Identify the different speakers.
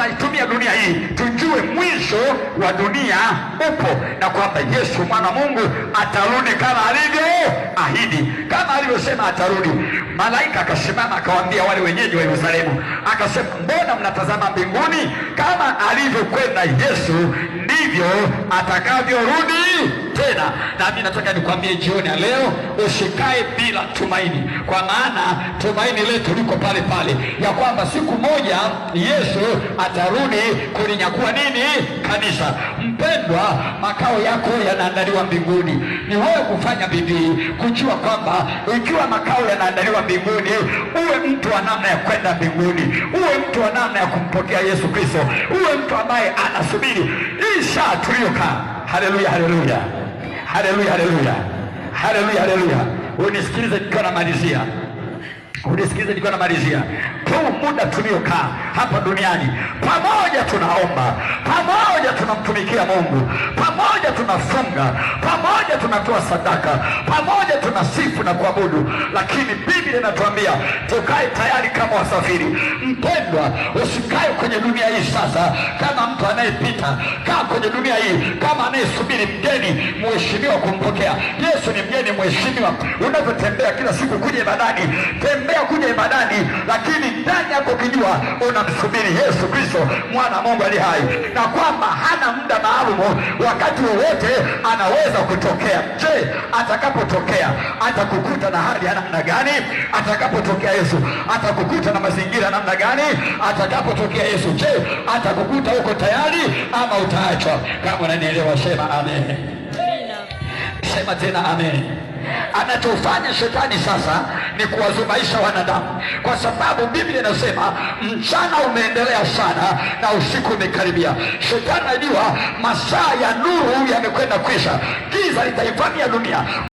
Speaker 1: anaitumia dunia hii, tujue mwisho wa dunia upo na kwamba Yesu mwana Mungu atarudi kama alivyo ahidi kama alivyosema atarudi. Malaika akasimama akawaambia wale wenyeji wa Yerusalemu, akasema mbona mnatazama mbinguni? Kama alivyokwenda Yesu ndivyo atakavyorudi tena. Nami nataka nikwambie jioni ya leo, usikae bila tumaini, kwa maana tumaini letu liko pale pale ya kwamba siku moja Yesu atarudi kulinyakua nini kanisa. Mpendwa, makao yako yanaandaliwa mbinguni. Ni wewe kufanya bidii kujua kwamba ikiwa makao yanaandaliwa mbinguni, uwe mtu wa namna ya kwenda mbinguni, uwe mtu wa namna ya kumpokea Yesu Kristo, uwe mtu ambaye anasubiri hii saa tuliyokaa. Haleluya, haleluya. Haleluya, haleluya, haleluya, haleluya. Unisikilize nikiwa namalizia. Unisikilize, nilikuwa namalizia huu muda tuliokaa hapa duniani, pamoja tunaomba, pamoja tunamtumikia Mungu, pamoja tunafunga, pamoja tunatoa sadaka, pamoja tunasifu na kuabudu, lakini Biblia inatuambia tukae tayari kama wasafiri. Mpendwa, usikae kwenye dunia hii sasa kama mtu anayepita. Kaa kwenye dunia hii kama anayesubiri mgeni mheshimiwa kumpokea. Yesu ni mgeni mheshimiwa. Unavyotembea kila siku kuja ibadani, tembea unafurahia kuja ibadani, lakini ndani yako ukijua unamsubiri Yesu Kristo mwana Mungu ali hai, na kwamba hana muda maalumu, wakati wowote anaweza kutokea. Je, atakapotokea atakukuta na hali ya namna gani? Atakapotokea Yesu atakukuta na mazingira namna gani? Atakapotokea Yesu, je, atakukuta uko tayari ama utaachwa? Kama unanielewa, sema amen. Sema tena amen. Anachofanya shetani sasa ni kuwazubaisha wanadamu, kwa sababu Biblia inasema mchana umeendelea sana na usiku umekaribia. Shetani anajua masaa ya nuru yamekwenda kwisha, giza litaivamia dunia.